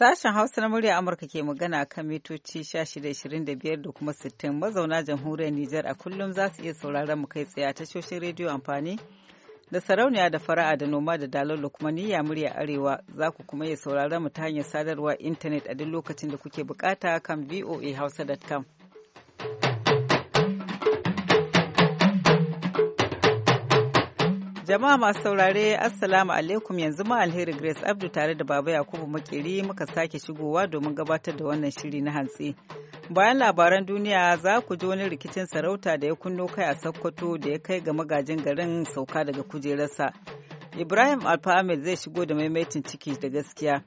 Sashen Hausa na murya Amurka ke magana a kan mitoci 1625 da kuma 60 mazauna jamhuriyar Nijar a kullum za su iya sauraron mu kai tsaye a tashoshin rediyo amfani da sarauniya da fara'a da noma da dalolo kuma niyya murya arewa za ku kuma iya sauraron mu ta hanyar sadarwa intanet a duk lokacin da kuke bukata kan VOA voahausa.com. Jama'a masu saurare Assalamu alaikum yanzu ma alheri Grace Abdu tare da Baba Yakubu Makeri muka sake shigowa domin gabatar da wannan shiri na hantsi. Bayan labaran duniya za ku ji wani rikicin sarauta da ya kunno kai a Sokoto da ya kai ga magajin garin sauka daga kujerarsa. Ibrahim Alfahamid zai shigo da maimaitin ciki da gaskiya.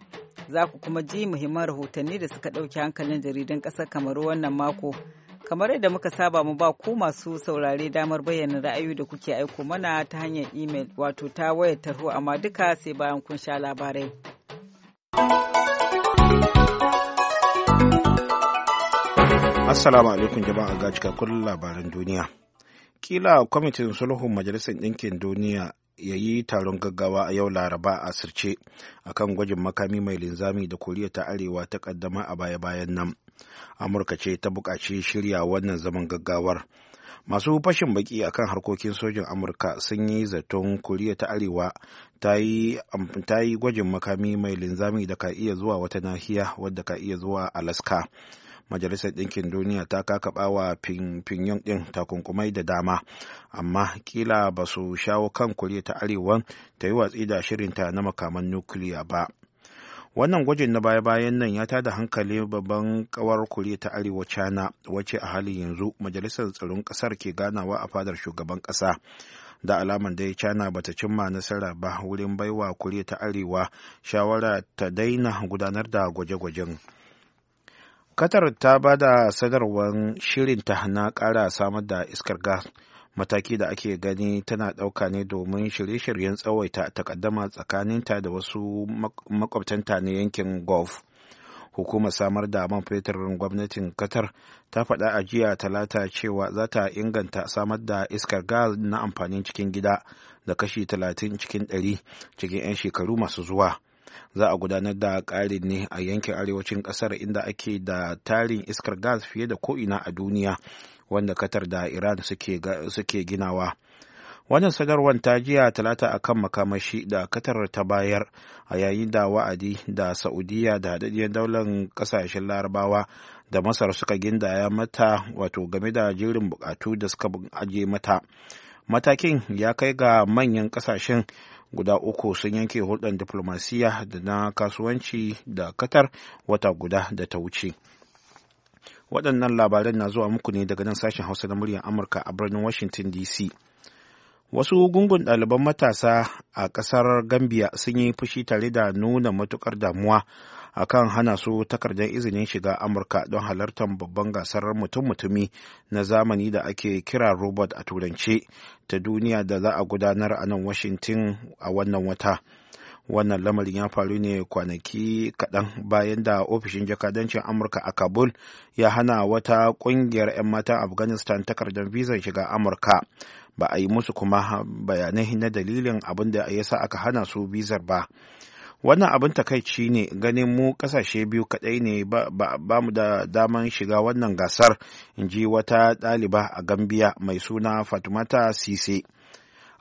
Za ku kuma ji muhimman rahotanni da suka ɗauki hankalin jaridan ƙasar Kamaru wannan mako. kamar yadda muka saba mu ba ku masu saurare damar bayyana ra'ayi da kuke aiko mana ta hanyar imel wato ta wayar tarho amma duka sai bayan kun sha labarai. Assalamu alaikum jama'a ga cikakkun labaran duniya. Kila kwamitin sulhun Majalisar Ɗinkin Duniya ya yi taron gaggawa a yau Laraba a sirce akan gwajin makami mai linzami da Koriya ta Arewa ta kaddama a baya-bayan nan. amurka ce ta buƙaci shirya wannan zaman gaggawar masu fashin baki akan harkokin sojin amurka sun yi zaton koriya ta arewa ta yi gwajin makami mai linzami da ka iya zuwa wata nahiya wadda ka iya zuwa alaska majalisar ɗinkin duniya ta kakaba wa pinyon ɗin takunkumai da dama amma kila ba su shawo kan koriya ta arewa ta yi watsi da shirinta na makaman nukiliya ba wannan gwajin na baya-bayan nan ya tada hankali babban kawar kuri ta arewa china wacce a halin yanzu majalisar tsaron kasar ke ganawa a fadar shugaban kasa da alaman dai china bata cimma nasara ba wurin baiwa kuri ta arewa shawara ta daina gudanar da gwaje-gwajen qatar ta bada da shirin ta na kara samar da iskar gas mataki da ake gani tana ɗauka ne domin shirye-shiryen tsawaita takaddama tsakaninta da wasu makwabtanta na yankin golf hukumar samar da man fetur gwamnatin qatar ta faɗa a jiya talata cewa za ta inganta samar da iskar gas na amfanin cikin gida da kashi 30 cikin 100 cikin 'yan shekaru masu zuwa za a gudanar da ƙarin ne a yankin arewacin ƙasar inda ake da tarin iskar gas fiye da ko'ina a duniya wanda Qatar da Iran suke ginawa. Wannan sadarwar ta jiya talata a kan makamashi da Qatar ta bayar a yayin da wa'adi da Saudiya da haɗaɗɗiyar daular kasashen larabawa da Masar suka gindaya mata wato game da jirin bukatu da suka aje mata. Matakin ya kai ga manyan ƙasashen guda uku sun yanke hulɗar diflomasiyya da na kasuwanci da Qatar wata guda da ta wuce. waɗannan labaran na zuwa muku ne daga nan sashen hausa na muryar amurka a birnin washington dc wasu gungun ɗaliban matasa a ƙasar gambia sun yi fushi tare da nuna matuƙar damuwa akan hana su takardar izinin shiga amurka don halartar babban gasar mutum-mutumi na zamani da ake kira robot a turance ta duniya da za a gudanar a nan washington a wannan wata. wannan lamarin ya faru ne kwanaki kaɗan bayan da ofishin jakadancin amurka a kabul ya hana wata ƙungiyar 'yan matan afghanistan takardar visa shiga amurka ba a yi musu kuma bayanai na dalilin abin da ya sa aka hana su bizar ba wannan abin takaici ne ganin mu kasashe biyu kadai ne ba mu da daman shiga wannan gasar in ji wata ɗaliba a gambia mai suna fatimata sise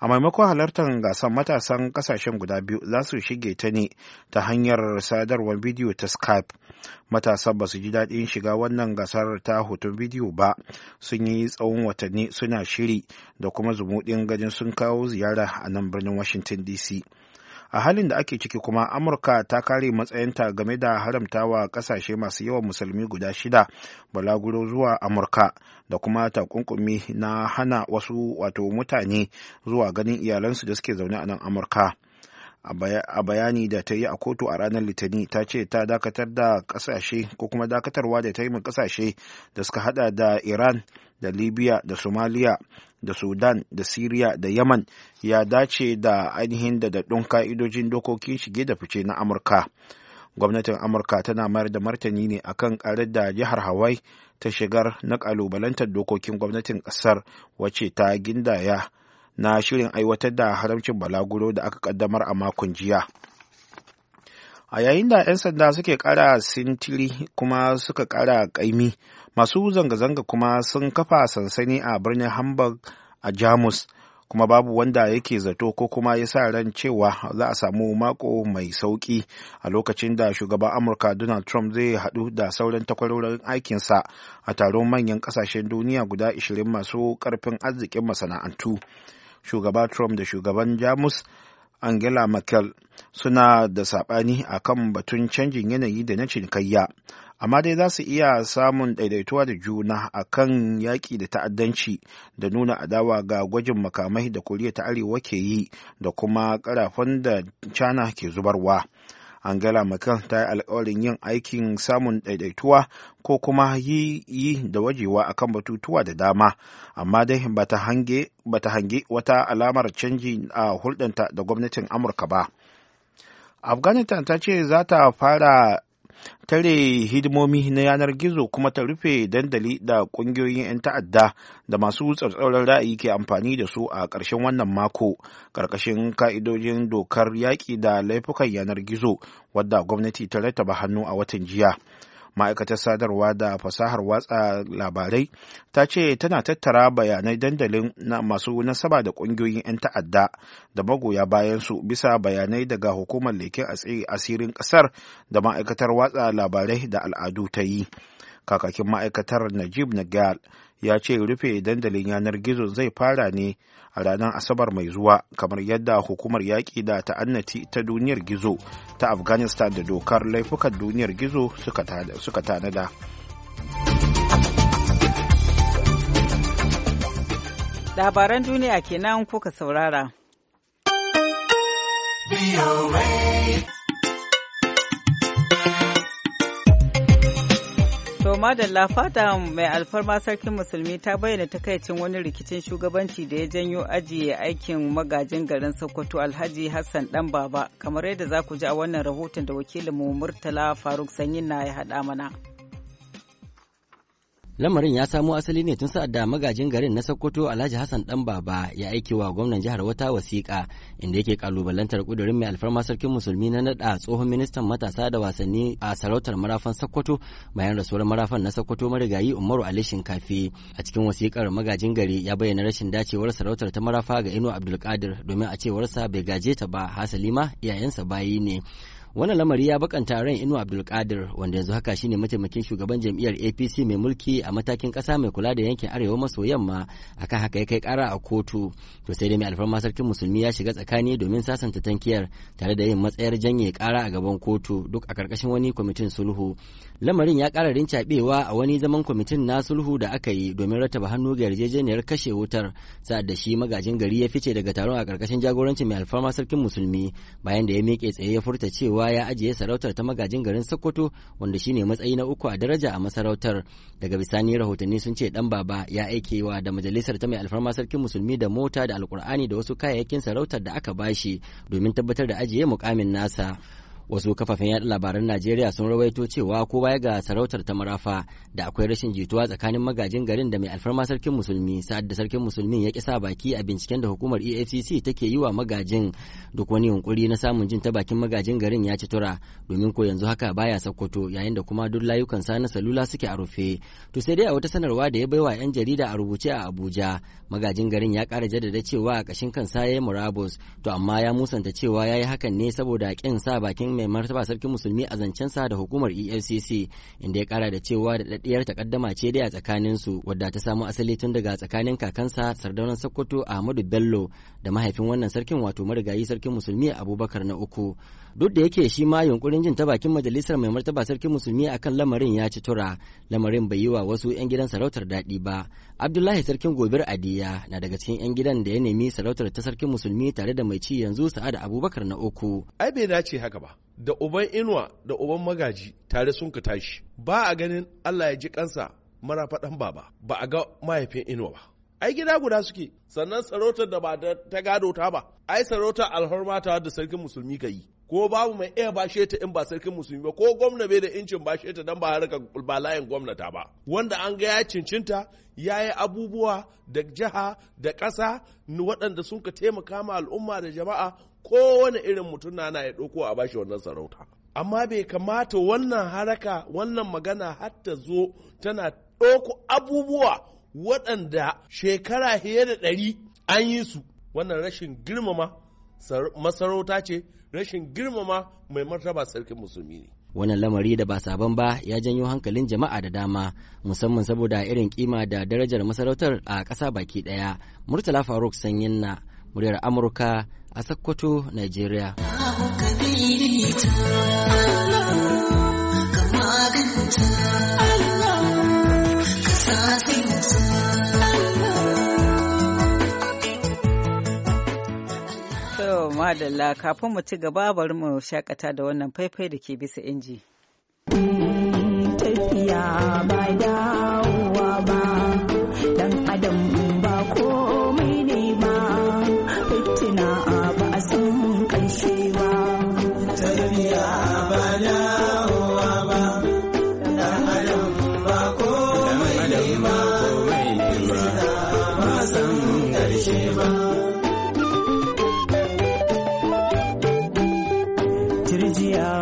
a maimakon halartar gasar matasan kasashen guda biyu za su shige ta ne ta hanyar sadarwar bidiyo ta skype matasan ba su ji daɗin shiga wannan gasar ta hoton bidiyo ba sun yi tsawon watanni suna shiri da kuma zumuɗin gajin sun kawo ziyara a nan birnin washington dc a halin da ake ciki kuma amurka ta kare matsayinta game da haramtawa kasashe masu yawan musulmi guda shida balaguro zuwa amurka da kuma takunkumi na hana wasu wato mutane zuwa ganin iyalansu da suke zaune a nan amurka a bayani da ta yi a kotu a ranar litani ta ce ta dakatar da kasashe ko kuma dakatarwa da ta yi min kasashe da suka hada da iran da libya da somalia da sudan da siriya da yaman ya dace da ainihin da daɗin ka'idojin dokokin shige da fice na amurka gwamnatin amurka tana mayar da martani ne akan ƙarar da jihar hawaii ta shigar na kalubalantar dokokin gwamnatin ƙasar wacce ta gindaya na shirin aiwatar da haramcin balaguro da aka kaddamar a makon jiya a yayin da 'yan sanda suke kara sintiri kuma suka kara kaimi masu zanga-zanga kuma sun kafa sansani a birnin hamburg a jamus kuma babu wanda yake zato ko kuma ya sa ran cewa za a samu mako mai sauki a lokacin da shugaban amurka donald trump zai hadu da sauran takwarorin aikinsa a taron manyan kasashen duniya guda 20 masu karfin arzikin masana'antu shugaba trump da shugaban jamus angela merkel suna da saɓani a kan batun canjin yanayi da na cinikayya amma dai za su iya samun daidaituwa da juna a kan yaƙi da ta'addanci da nuna adawa ga gwajin makamai da koriya ta arewa ke yi da kuma karafan da china ke zubarwa angela merkel ta yi alkawarin yin aikin samun daidaituwa ko kuma yi, yi da wajewa akan batutuwa da dama amma dai ba ta hange wata alamar canji a hulɗanta da gwamnatin amurka ba afghanistan ta ce za ta fara tare hidimomi na yanar gizo kuma ta rufe dandali da ƙungiyoyin 'yan ta'adda da masu tsautsauran ra'ayi ke amfani da su a ƙarshen wannan mako ƙarƙashin ka'idojin dokar yaƙi da laifukan yanar gizo wadda gwamnati ta rattaba hannu a watan jiya. ma'aikatar sadarwa da fasahar watsa labarai ta ce tana tattara bayanai dandalin na masu nasaba da ƙungiyoyin 'yan ta'adda da magoya bayan su bisa bayanai daga hukumar leken asirin ƙasar da ma'aikatar watsa labarai da al'adu ta yi kakakin ma'aikatar najib nagal ya ce rufe dandalin yanar gizo zai fara ne a ranar asabar mai zuwa kamar yadda hukumar yaƙi da ta'annati ta duniyar gizo ta afghanistan da dokar laifukan duniyar gizo suka tanada labaran duniya kenan kuka saurara. To madalla fata mai alfarma sarkin musulmi ta bayyana takaicin wani rikicin shugabanci da ya janyo ajiye aikin magajin garin Sokoto Alhaji Hassan dan Baba kamar yadda za ku ji a wannan rahoton da wakilinmu Murtala Faruk Sanyin na ya haɗa mana. Lamarin ya samo asali ne tun sa'ad da magajin garin na Sokoto Alhaji Hassan Dan Baba ya aiki wa gwamnan jihar wata wasiƙa inda yake kalubalantar kudurin mai alfarma sarkin musulmi na naɗa tsohon ministan matasa da wasanni a sarautar marafan Sokoto bayan rasuwar marafan na Sokoto marigayi Umaru Ali Shinkafi. A cikin wasiƙar magajin gari ya bayyana rashin dacewar sarautar ta marafa ga ino Abdulkadir domin a cewarsa bai gaje ta ba hasali ma iyayensa bayi ne. wannan lamari ya bakanta ran inu abdulkadir wanda yanzu haka shine mataimakin shugaban jam'iyyar apc mai mulki a matakin kasa mai kula da yankin arewa maso yamma akan haka ya kai kara a kotu to sai dai mai alfarma sarkin musulmi ya shiga tsakani domin sasanta tankiyar tare da yin matsayar janye kara a gaban kotu duk a karkashin wani kwamitin sulhu lamarin ya ƙara rincaɓewa a wani zaman kwamitin na sulhu da aka yi domin rattaba hannu ga yarjejeniyar kashe wutar sa'ad da shi magajin gari ya fice daga taron a ƙarƙashin jagorancin mai alfarma sarkin musulmi bayan da ya miƙe tsaye ya furta cewa ya ajiye sarautar ta magajin garin sokoto wanda shi ne matsayi na uku a daraja a masarautar daga bisani rahotanni sun ce dan baba ya aikewa da majalisar ta mai alfarma sarkin musulmi da mota da alkur'ani da wasu kayayyakin sarautar da aka bashi domin tabbatar da ajiye mukamin nasa wasu kafafen yaɗa labaran najeriya sun rawaito cewa ko baya ga sarautar ta marafa da akwai rashin jituwa tsakanin magajin garin da mai alfarma sarkin musulmi sa'ad da sarkin musulmin ya kisa baki a binciken da hukumar efcc take yi wa magajin duk wani yunkuri na samun jin ta bakin magajin garin ya ci tura domin ko yanzu haka baya sakkwato yayin da kuma duk layukan sa na salula suke a rufe to sai dai a wata sanarwa da ya baiwa yan jarida a rubuce a abuja magajin garin ya kara jaddada cewa a kashin kansa ya murabus to amma ya musanta cewa ya yi hakan ne saboda kin sa bakin mai martaba sarkin musulmi a zancensa da hukumar efcc inda ya kara da cewa da daɗaɗɗiyar takaddama ce dai a tsakanin su wadda ta samu asali tun daga tsakanin kakansa sardaunan sokoto ahmadu bello da mahaifin wannan sarkin wato marigayi sarkin musulmi abubakar na uku duk da yake shi ma yunkurin jin ta bakin majalisar mai martaba sarkin musulmi akan lamarin ya ci tura lamarin bai yi wa wasu 'yan gidan sarautar daɗi ba abdullahi sarkin gobir adiya na daga cikin 'yan gidan da ya nemi sarautar ta sarkin musulmi tare da mai ci yanzu sa'ad abubakar na uku ai bai dace haka ba da uban inuwa da uban magaji tare sun ka tashi ba a ganin allah ya ji kansa mara faɗan baba ba a ga mahaifin inuwa ba ai gida guda suke sannan sarautar da ba ta gado ta ba ai sarautar ta da sarkin musulmi ka yi ko babu mai iya bashe ta in ba sarkin musulmi ba ko gwamna bai da incin bashe ta dan ba harka ba layin gwamnata ba wanda an ga ya cincinta ya yi abubuwa da jiha da ƙasa waɗanda sun ka taimaka ma al'umma da jama'a kowane irin mutum na ya ɗauko a bashi wannan sarauta amma bai kamata wannan haraka wannan magana har ta zo tana ɗauko abubuwa waɗanda shekara fiye da ɗari an yi su wannan rashin girmama masarauta ce rashin girmama mai martaba sarkin musulmi ne wannan lamari da ba sabon ba ya janyo hankalin jama'a da dama musamman saboda irin kima da darajar masarautar a ƙasa baki ɗaya murtala faruk sanyin na muryar amurka a Sokoto, nigeria madalla kafin mu ci gaba bari mu shakata da wannan faifai da ke bisa inji. Tafiya ba dawowa ba, dan adam ba komai ne ba, fitina ba a san ƙarshe ba. Tafiya ba dawowa ba, dan adam ba komai ne ba, fitina ba a san ƙarshe ba. Sirjiya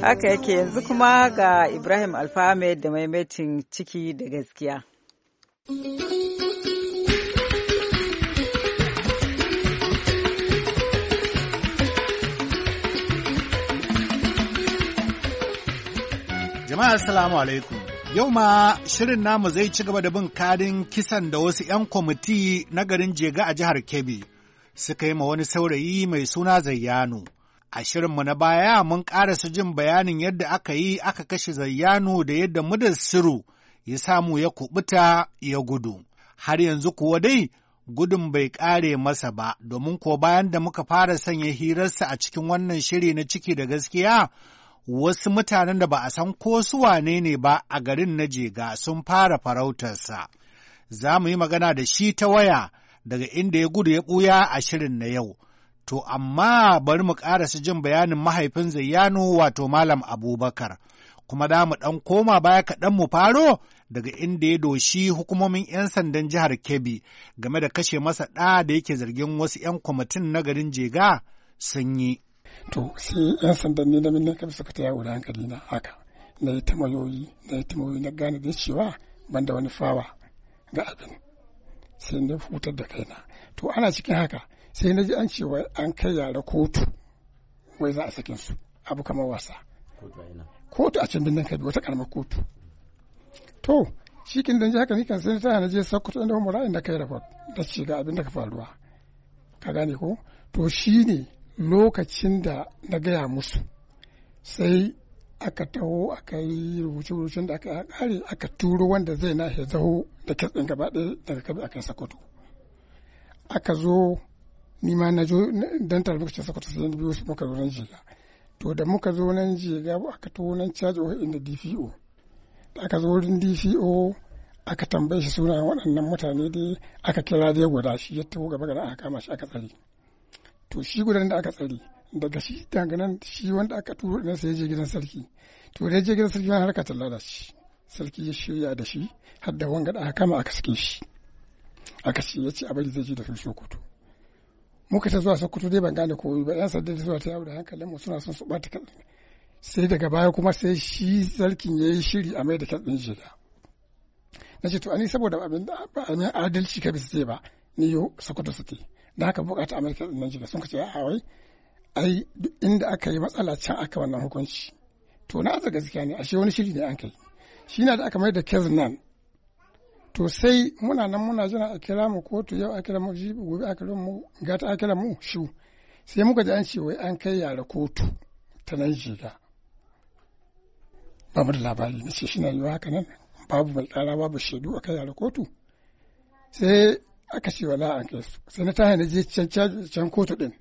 haka yake yanzu kuma ga ibrahim alfame da maimaitin ciki da gaskiya Jama'a Assalamu alaikum. Yau ma shirin namu zai ci gaba da bin kadin kisan da wasu 'yan kwamiti na garin Jega a jihar Kebbi suka yi ma wani saurayi mai suna Zayyanu. A shirinmu na baya mun ƙarasa jin bayanin yadda aka yi aka kashe Zayyanu da yadda mudassiru ya samu ya kubuta ya gudu. Har yanzu kuwa dai gudun bai ƙare masa ba, domin ko bayan da muka fara sanya hirarsa a cikin wannan shiri na ciki da gaskiya, wasu mutanen da ba a san ko su wane ne ba a garin na Jega sun fara farautarsa. Za mu yi magana da shi ta waya daga inda ya gudu ya ɓuya a shirin na yau. To, amma bari mu ƙarasa jin bayanin mahaifin Zayyano wato Malam Abubakar, kuma da mu ɗan koma baya kaɗan mu faro daga inda ya doshi hukumomin 'yan sandan jihar Kebbi game da kashe masa ɗa da yake zargin wasu 'yan kwamitin na garin Jega sun yi. To, sai 'yan sandan ne da suka ta yawo hankali na haka. Na yi tamayoyi, na gane da cewa ban da wani fawa ga abin. sai na futar da kaina to ana cikin haka sai na ji an cewa an kai yara kotu wai za a sakin su abu kamar wasa kotu a can birnin kabi wata karamar kotu to cikin dan haka ni kan sai ta na je sakkwato inda umara na kai rafa da ci ga abin da ka faruwa ka gane ko to shine lokacin da na gaya musu sai aka taho aka yi rubuce-rubucen da aka yi kare aka turo wanda zai na ya zaho da kyatsin gaba ɗaya daga kabi akan sakoto aka zo nima na jo dan talbukacin sakoto sai yin biyu muka zo nan jiga to da muka zo nan jiga aka taho nan caji wa inda dpo da aka zo wurin dpo aka tambaye shi sunayen waɗannan mutane dai aka kira dai guda shi ya taho gaba gaba aka kama shi aka tsare to shi gudan da aka tsari. daga shi danganan shi wanda aka turo ina sai je gidan sarki to da je gidan sarki wani harka ta lalace sarki ya shirya da shi har da wanga da aka kama aka sake shi aka ce ya ce a bari zai je da su sokoto muka ta zuwa sokoto dai ban gane ko ba yan sanda da zuwa ta yawo da hankalin mu suna son su bata kan sai daga baya kuma sai shi sarkin ya yi shiri a mai da kan jida na ce to ani saboda abin da ba a adalci ka bisa ba ni yau sokoto suke da haka bukata amurka nan jida sun ka a wai ai duk inda aka yi matsala can aka wannan hukunci to na asa gaskiya ne ashe wani shiri ne an kai shi na da aka mai da kes nan to sai muna nan muna jira a kira mu kotu yau a kira mu jibi gobe a kira mu gata a kira mu shu sai muka ji an ce wai an kai yara kotu ta nan jiga babu da labari na ce shina yiwa haka nan babu mai tsara babu shaidu a kai yara kotu sai aka ce wala an kai sai na tahi na je can kotu din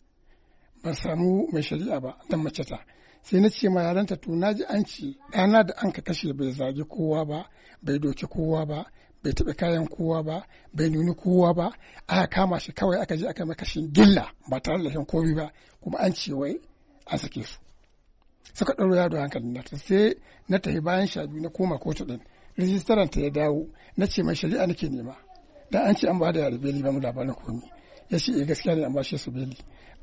ban samu mai shari'a ba dan mace ta sai na ce ma yaranta to na ji an ce ɗana da an ka kashe bai zagi kowa ba bai doki kowa ba bai taɓa kayan kowa ba bai nuni kowa ba aka kama shi kawai aka je aka mai kashin gilla ba tare da komi ba kuma an ce wai an sake su suka ɗaro yaro hankalin na sai na tafi bayan sha na koma kotu ɗin rijistaran ta ya dawo na ce mai shari'a nake nema da an ce an ba da yarbe ni ba mu labarin komi ya ce eh, gaskiya ne an su beli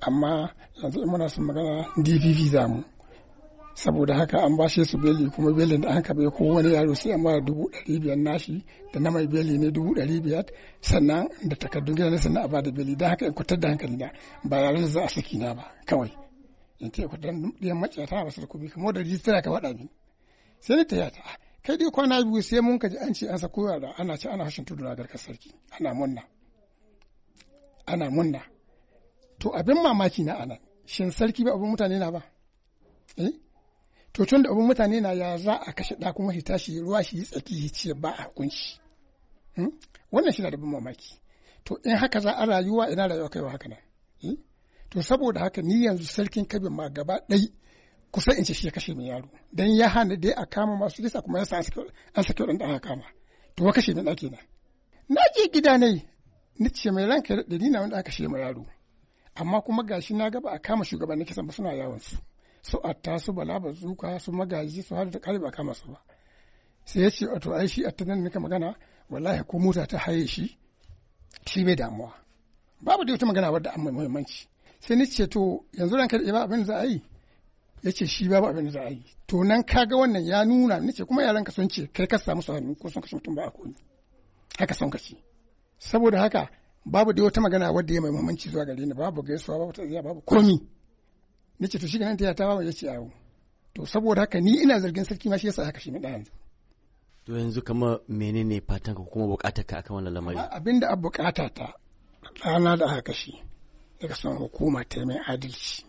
amma yanzu in muna son magana dpp za mu saboda haka an bashe su beli kuma belin da an kabe ko wani yaro sai an ba dubu ɗari biyar nashi da na mai beli ne dubu ɗari biyar sannan da takardun gida ne sannan a ba da beli don haka in kwatar da hankali na ba yaren za a saki na ba kawai in ce kwatar da maciya ta ba su da kuma kamar da ya ka faɗa min sai ta yata ah, kai dai kwana biyu sai mun kaji an ce an sako da ana ce ana hashin tudu na garkar sarki ana munna ana munna to abin mamaki na anan shin sarki ba abin mutane na ba eh? to tun da abin mutane na ya za a kashe ɗa kuma hita shi ruwa shi tsaki ya ce ba a kunshi hmm? wannan shi na da bin mamaki to in haka za a rayuwa ina rayuwa kaiwa haka nan eh? to saboda haka ni yanzu sarkin kabin ma gaba ɗai kusa in ce shi ya kashe min yaro dan ya hana dai a kama masu lisa kuma ya sa an sake wadanda aka kama to wa kashe min ɗaki na na je gida ne ni ce mai ranka ya daɗe na wanda aka shirya yaro amma kuma gashi na gaba a kama shugaban kisan ba suna yawon su su atta su bala bazuka su magaji su har da kare ba kama su ba sai ya ce wato ai shi nan nika magana wallahi ko mota ta haye shi shi bai damuwa babu da wata magana wadda amma muhimmanci sai ni ce to yanzu ranka da ba abin za a yi ya ce shi babu abin da za a yi to nan kaga wannan ya nuna ni ce kuma yaran ka sun ce kai ka samu sahani ko sun kashe mutum ba a koyi haka sun kashe saboda haka babu da wata magana wadda ya mai mamanci zuwa gare ni babu gaisuwa babu taziya babu komi Ni ce to shi ganin ta ta babu ya ce yawo to saboda haka ni ina zargin sarki ma shi yasa haka shi ne yanzu to yanzu kama menene fatan ka kuma bukatar ka akan wannan lamari abinda a bukata ta rana da aka kashi daga son hukuma ta mai adalci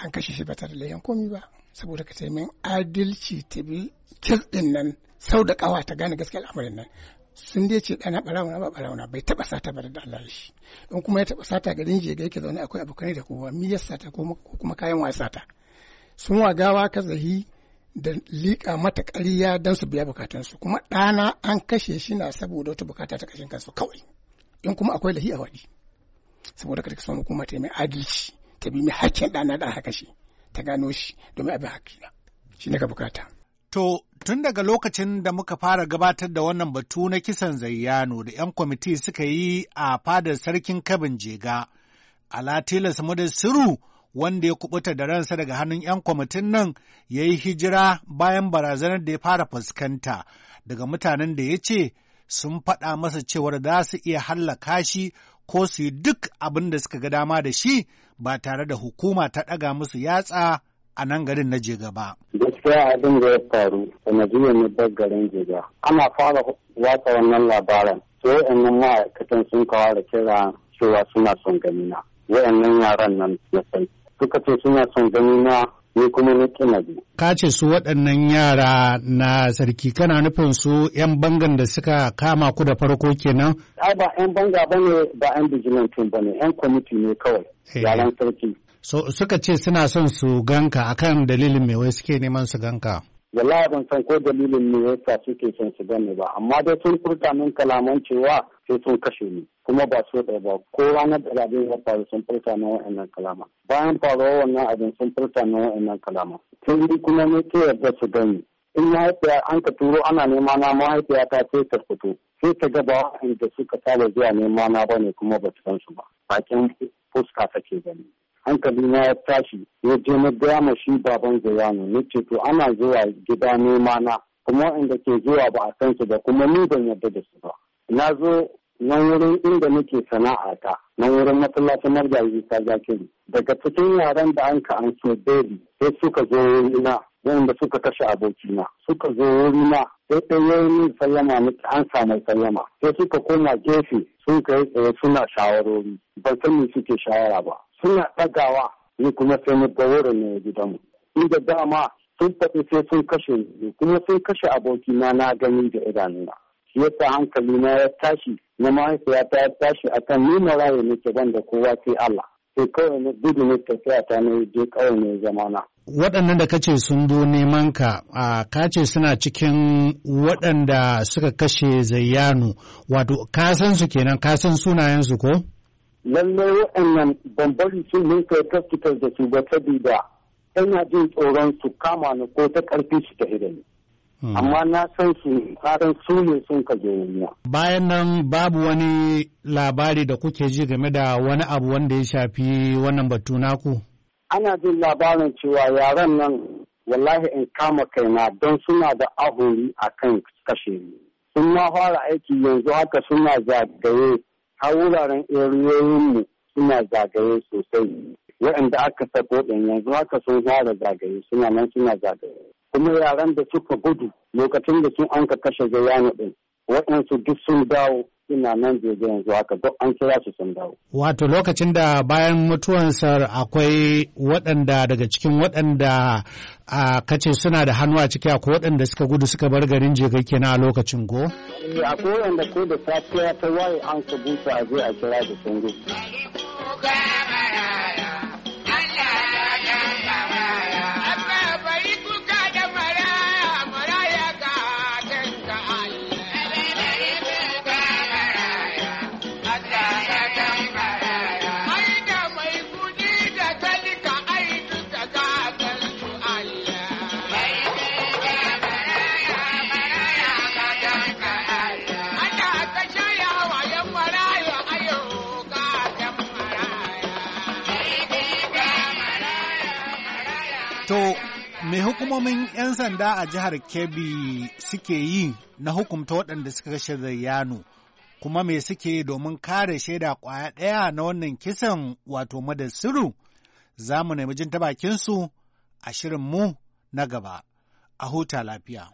an kashe shi ba tare da yan komi ba saboda ka taimakon adalci ta bi kirɗin nan sau da kawa ta gane gaskiyar al'amarin nan sun dai ce ɗana ɓarauna ba ɓarauna bai taɓa sata ba da Allah shi in kuma ya taɓa sata garin je ga yake zaune akwai abokanai da kowa mi ya sata ko kuma kayan wa sata sun wagawa ka zahi da liƙa mata ƙarya don su biya su, kuma ɗana an kashe shi na saboda wata bukata ta kashin kansu kawai in kuma akwai lahi a waɗi saboda ka samu hukuma ta mai adalci ta bi mai hakkin ɗana da aka kashe ta gano shi domin abin hakkina shi ne ka bukata. To, tun daga lokacin da muka fara gabatar da wannan batu na kisan zayyano da 'yan kwamiti suka yi a fadar sarkin kabin jega, ala tilas da siru wanda ya kubuta da ransa daga hannun 'yan kwamitin nan ya yi hijira bayan barazanar da ya fara fuskanta daga mutanen da ya ce sun faɗa masa cewar za su iya hallaka shi ko su yi duk abin da suka ga dama da shi ba tare da hukuma ta ɗaga musu yatsa a nan garin na jega ba. gaskiya abin da ya faru sanadiyar mutar garin jiga ana fara watsa wannan labaran to wa'annan ma'aikatan sun kawo da kira cewa suna son gani na wa'annan yaran nan na san suka ce suna son gani na ni kuma na kina bi ka ce su waɗannan yara na sarki kana nufin su yan bangan da suka kama ku da farko kenan ai ba yan banga bane ba yan bijilantin bane yan kwamiti ne kawai eh. yaran sarki suka ce suna son su ganka kan dalilin me wai suke neman su ganka wallahi ban san ko dalilin me yasa suke son su gane ba amma dai sun furta min kalaman cewa sai sun kashe ni kuma ba so ɗaya ba ko ranar da abin ya faru sun furta na wa'annan kalama bayan faruwar wannan abin sun furta na wa'annan kalama sun yi kuma ne ke yarda su gani in mahaifiya an ka turo ana nema na mahaifiya ta sai ta fito sai ta ga ba da suka saba zuwa nema na ba ne kuma ba su san su ba bakin fuska take gani hankali na ya tashi ya je na gaya ma shi baban zayano na ce to ana zuwa gida nema na kuma waɗanda ke zuwa ba a san su ba kuma ni ban yarda da su ba na zo nan wurin inda nake sana'a ta nan wurin masallacin marjayi ta zakiri daga cikin yaran da an ka an so beli sai suka zo wurina wanda suka kashe abokina suka zo na sai ɗan ya yi sallama na an samu sallama sai suka koma gefe sun kai tsaye suna shawarori ban san me suke shawara ba suna ɗagawa ni kuma sai mu ga wurin ne gidanmu inda dama sun faɗi sai sun kashe ni kuma sun kashe abokina na gani da idanuna shi yasa hankali na ya tashi na mahaifiyata ya tashi akan nuna raye nake ban da kowa sai Allah sai eh, kawai na gudu na tafiya ta na je kawai ne na. Waɗannan da kace sun zo neman ka, a kace suna cikin waɗanda suka kashe zayyanu, wato ka san su kenan, ka sunayen su ko? Lalle waɗannan bambari sun mun kai fitar da su ba sabida ina jin tsoron su kama ni ko ta ƙarfi su ta hidani. Mm. amma na san su karan su ne sun ka je bayan nan babu wani labari da kuke ji game da wani abu wanda ya shafi wannan batu naku ana jin labarin cewa yaran nan wallahi in kama kaina don suna da ahuri a kan kashe ni sun ma fara aiki yanzu haka suna zagaye har wuraren eriyoyinmu suna zagaye sosai waɗanda aka sako ɗin yanzu haka sun fara zagaye suna nan suna zagaye kuma yaran da suka gudu lokacin da sun an ka kashe zayana ɗin waɗansu duk sun dawo ina nan jeje yanzu haka duk an kira su sun dawo. Wato lokacin da bayan mutuwansa akwai waɗanda daga cikin waɗanda a kace suna da hannu a ciki akwai waɗanda suka gudu suka bar garin jega kenan a lokacin ko? Eh, akwai waɗanda ko da safiya ta waye an ka buta a je a kira da sun hukumomin 'yan sanda a jihar Kebbi suke yi na hukumta waɗanda suka kashe Zayyano, kuma me suke domin kare shaida kwaya ɗaya na wannan kisan wato madasiru za mu nemi jin ta bakinsu a shirinmu na gaba, a huta lafiya.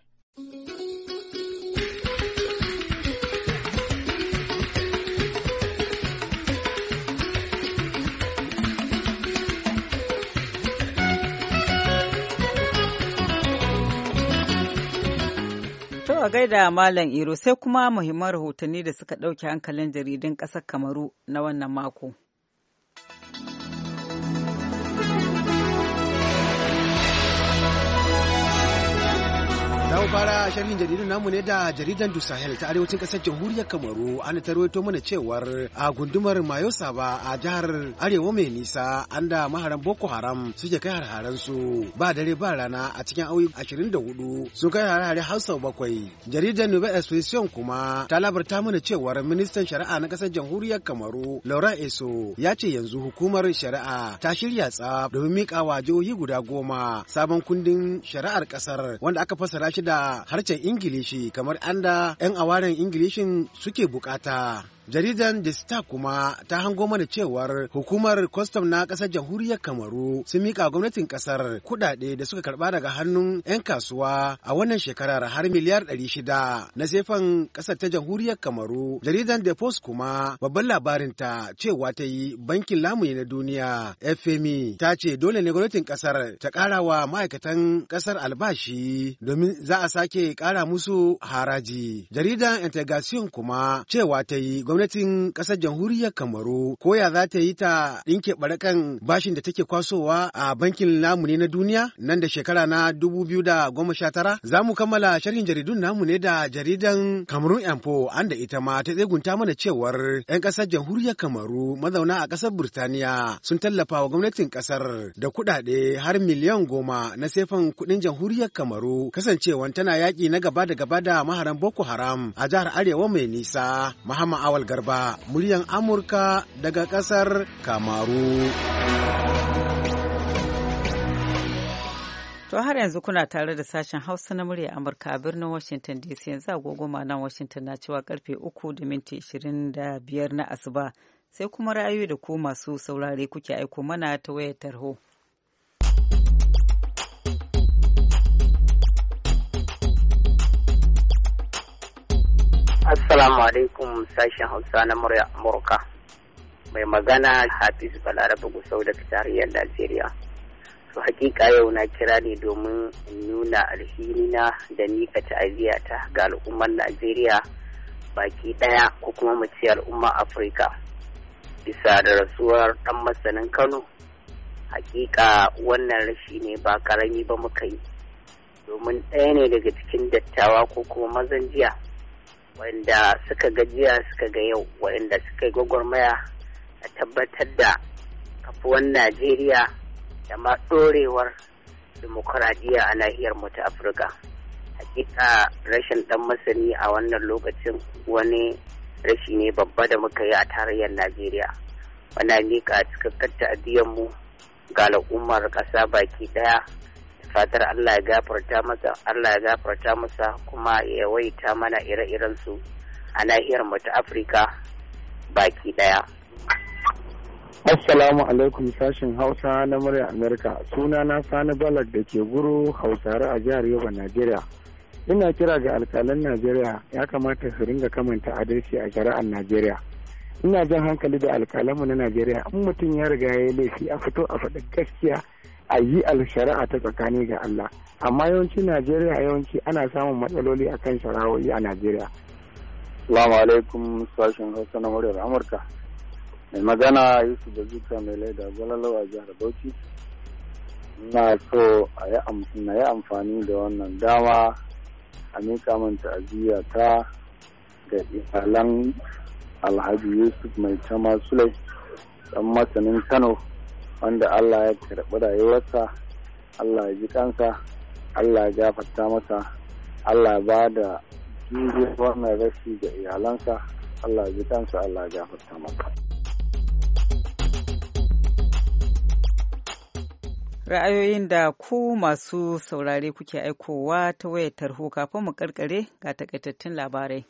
a gaida Malam Iro sai kuma muhimman rahotanni da suka ɗauke hankalin jaridun ƙasar Kamaru na wannan mako. Za mu fara sharhin jaridun namu ne da jaridan Du Sahel ta arewacin kasar jamhuriyar Kamaru an rawaito mana cewar a gundumar Mayo Saba a jihar Arewa mai nisa an da maharan Boko Haram suke kai harharen su ba dare ba rana a cikin auyi 24 sun kai harhare har sau bakwai. Jaridar Nuba Expression kuma ta labarta mana cewar ministan shari'a na kasar jamhuriyar Kamaru Laura Eso ya ce yanzu hukumar shari'a ta shirya tsaf domin miƙa wa jihohi guda goma sabon kundin shari'ar kasar wanda aka fassara shi da harshen ingilishi kamar anda 'yan awaren ingilishin suke bukata Jaridan The Star kuma ta hango mana cewar hukumar kwastam na ƙasar jamhuriyar Kamaru sun mika gwamnatin ƙasar kuɗaɗe da suka karɓa daga hannun 'yan kasuwa a wannan shekarar har miliyar 600 na sefan ƙasar ta jamhuriyar Kamaru. Jaridan The Post kuma babban labarin ta cewa ta yi bankin lamuni na duniya FMI e, ta ce dole ne gwamnatin ƙasar ta ƙara wa ma'aikatan ƙasar albashi domin za a sake ƙara musu haraji. Jaridan Integration kuma cewa ta yi gwamnatin ƙasar jamhuriyar Kamaru koya za ta yi ta ɗinke barakan bashin da take kwasowa a bankin namu ne na duniya nan da shekara na dubu biyu da goma sha tara. Za mu kammala sharhin jaridun namu ne da jaridan Kamarun Yanfo an da ita ma ta tsegunta mana cewar 'yan ƙasar jamhuriyar Kamaru mazauna a ƙasar Birtaniya sun tallafa wa gwamnatin ƙasar da kuɗaɗe har miliyan goma na sefan kuɗin jamhuriyar Kamaru kasancewan tana yaƙi na gaba da gaba da maharan Boko Haram a jihar Arewa mai nisa. Muhammad Awal Garba, muryan Amurka daga ƙasar Kamaru. To har yanzu kuna tare da sashen Hausa na murya Amurka a birnin Washington DC yanzu agogo nan Washington na cewa karfe uku da minti biyar na asuba sai kuma ra'ayoyi da ku masu saurare kuke aiko mana ta wayar tarho. Assalamu alaikum sashen Hausa na murya Amurka. Mai magana Hafiz Balaraba Gusau daga fitariyar Najeriya. Su hakika yau na kira ne domin nuna alhinina da aziya ta'aziyata ga al'ummar Najeriya baki daya ko kuma mu al'ummar Afirka. Bisa da rasuwar ɗan masanin Kano. Hakika wannan rashi ne ba karami ba muka yi. Domin ɗaya ne daga cikin dattawa ko kuma mazan jiya. wanda suka gajiya suka ga yau wanda suka yi gwagwarmaya a tabbatar da kafuwan najeriya da ma ɗorewar dimokuraɗiyya a nahiyar mu ta afirka hakika rashin ɗan masani a wannan lokacin wani rashi ne babba da muka yi a tarayyar najeriya wana miƙa cikakkar ta'adiyyar mu ga al'ummar ƙasa baki ɗaya fatar Allah ya gafarta masa Allah ya gafarta masa kuma ya waita mana ire-iren su a nahiyar mu ta Afirka baki daya Assalamu alaikum sashin Hausa na murya Amerika suna na Sani Balak da ke guru Hausare a jihar Yobe Najeriya ina kira ga alkalan Najeriya ya kamata su ringa kamanta adalci a shari'ar Najeriya ina jan hankali da alkalanmu na Najeriya in mutum ya riga ya yi laifi a fito a faɗi gaskiya a yi alshari'a ta tsakani ga Allah amma yawanci Najeriya yawanci ana samun matsaloli akan shari'o'i a Najeriya Salamu alaikum sashen Hausa na muryar Amurka mai magana Yusuf da Zuka mai laida gwalalawa jihar Bauchi ina so na yi amfani da wannan dama a miƙa min ta'aziyya ta ga iyalan Alhaji Yusuf mai tama Sulai dan masanin Kano wanda Allah ya karɓi rayuwarsa Allah ya ji kansa Allah ya gafarta masa Allah ba da jirgin wannan rashi ga iyalansa Allah ya ji kansa Allah ya gafarta masa. Ra'ayoyin da ku masu saurare kuke aikowa ta wayar tarho kafin mu karkare ga takaitattun labarai.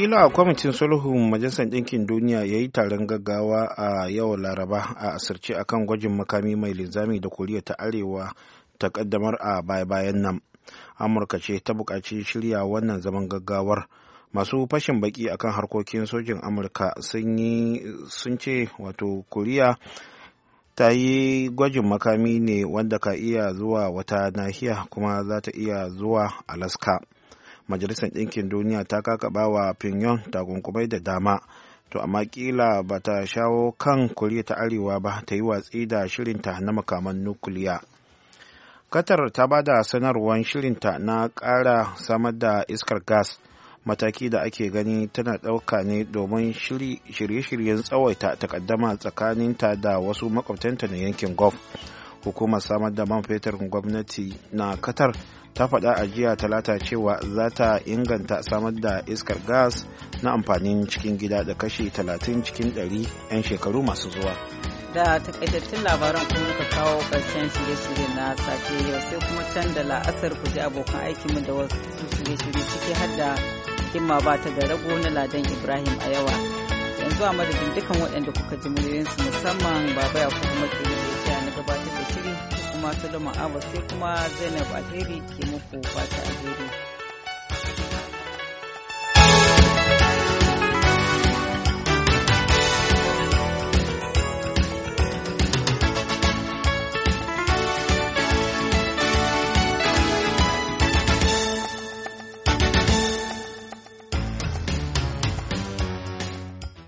wakila a kwamitin sulhun majalisar ɗinkin duniya ya yi taron gaggawa a yau laraba a asirce akan gwajin makami mai linzami da koriya ta arewa ta kaddamar a baya-bayan nan amurka ce ta buƙaci shirya wannan zaman gaggawar masu fashin baki akan harkokin sojin amurka sun ce wato koriya ta yi gwajin makami ne wanda ka iya zuwa wata nahiya kuma za ta iya zuwa alaska majalisar ɗinkin duniya ta kakaba wa pinyon takunkumai da dama to amma kila ba ta shawo kan koriya ta arewa ba ta yi watsi da shirinta na makaman nukuliya qatar ta ba da sanarwar shirinta na ƙara samar da iskar gas mataki da ake gani tana ɗauka ne domin shirye-shiryen tsawaita takaddama tsakaninta da wasu makwabtanta na yankin gulf hukumar samar da man fetur gwamnati na qatar ta faɗa a jiya talata cewa za ta inganta samar da iskar gas na amfanin cikin gida da kashe 30 cikin 100 'yan shekaru masu zuwa da takaitattun labaran kuma muka kawo ƙarshen shirye-shirye na safe yau sai kuma can da la'asar ku ji abokan aikinmu da wasu shirye-shirye ciki har da himma ba ta ga rago na ladan ibrahim a yawa yanzu a madadin dukkan waɗanda kuka ji muryoyinsu musamman baba ya kuma tsiri da gabatar da shirin kuma Solomon Abbas sai kuma Zainab Alheri ke muku fata alheri.